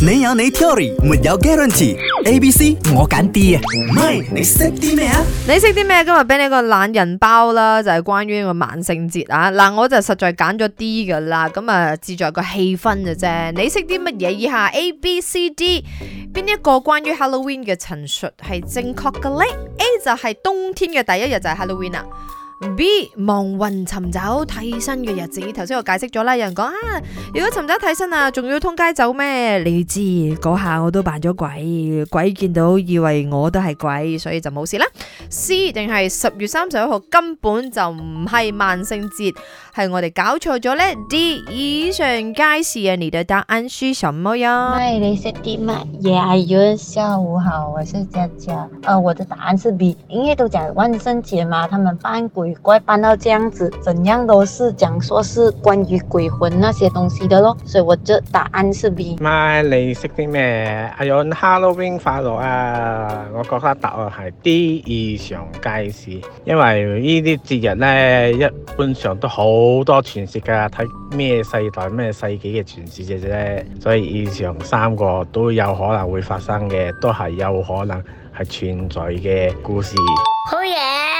你有你 theory，沒有 guarantee。A B C 我揀 D 啊，唔係你識啲咩啊？你識啲咩？今日俾你個懶人包啦，就係關於個萬聖節啊！嗱，我就實在揀咗 D 噶啦，咁啊，志在個氣氛嘅啫。你識啲乜嘢？以下 A B C D 邊一個關於 Halloween 嘅陳述係正確嘅咧？A 就係冬天嘅第一日就係 Halloween 啊。B 忙雲尋找替身嘅日子，頭先我解釋咗啦。有人講啊，如果尋找替身啊，仲要通街走咩？你知嗰下我都扮咗鬼，鬼見到以為我都係鬼，所以就冇事啦。C 定係十月三十一號根本就唔係萬聖節，係我哋搞錯咗呢 D 以上皆是啊,你嘅答案書什麼呀？咪你識啲乜嘢？哎呀，下午好，我是嘉嘉。啊、呃，我的答案是 B，因為都講萬聖節嘛，他們扮鬼。快搬到這樣子，怎樣都是講說是關於鬼魂那些東西的咯，所以我就答案是 B。媽，你識啲咩？阿勇，Halloween 快樂啊！我覺得答案係 D，以上皆是，因為呢啲節日咧，一般上都好多傳說噶，睇咩世代咩世紀嘅傳說啫，所以以上三個都有可能會發生嘅，都係有可能係存在嘅故事。好嘢！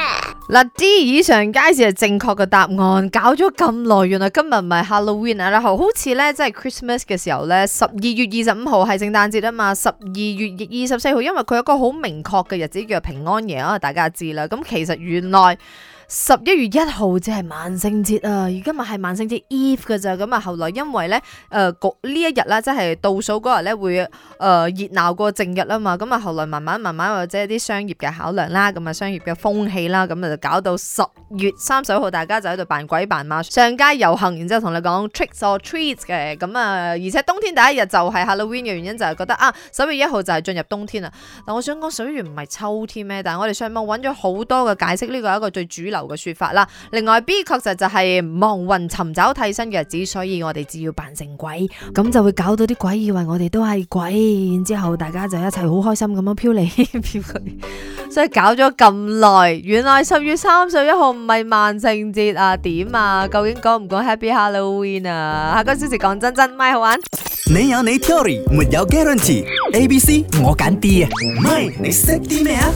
嗱，啲以上皆是係正確嘅答案。搞咗咁耐，原來今日唔係 Halloween 啊，好似咧，即係 Christmas 嘅時候咧，十二月二十五號係聖誕節啊嘛。十二月二十四號，因為佢有個好明確嘅日子叫做平安夜啊，大家知啦。咁其實原來。十一月一號即係萬聖節啊，是是而今日係萬聖節 eve 噶咋，咁啊後來因為咧，誒、呃，過呢一日啦，即係倒數嗰日咧會誒熱鬧過正日啦嘛，咁啊後來慢慢慢慢或者啲商業嘅考量啦，咁啊商業嘅風氣啦，咁啊就搞到十月三十一號大家就喺度扮鬼扮馬，上街遊行，然之後同你講 tricks or treats 嘅，咁啊而且冬天第一日就係 Halloween 嘅原因就係、是、覺得啊十一月一號就係進入冬天啦，嗱我想講十一月唔係秋天咩？但係我哋上網搵咗好多嘅解釋，呢、這個係一個最主流。嘅說法啦，另外 B 確實就係亡魂尋找替身嘅日子，所以我哋只要扮成鬼，咁就會搞到啲鬼以為我哋都係鬼，然之後大家就一齊好開心咁樣飄嚟飄去，所以搞咗咁耐，原來十月三十一號唔係萬聖節啊？點啊？究竟講唔講 Happy Halloween 啊？下個消息講真真，咪好玩？你有你 theory 沒有 guarantee，A B C 我揀 D 啊，咪你識啲咩啊？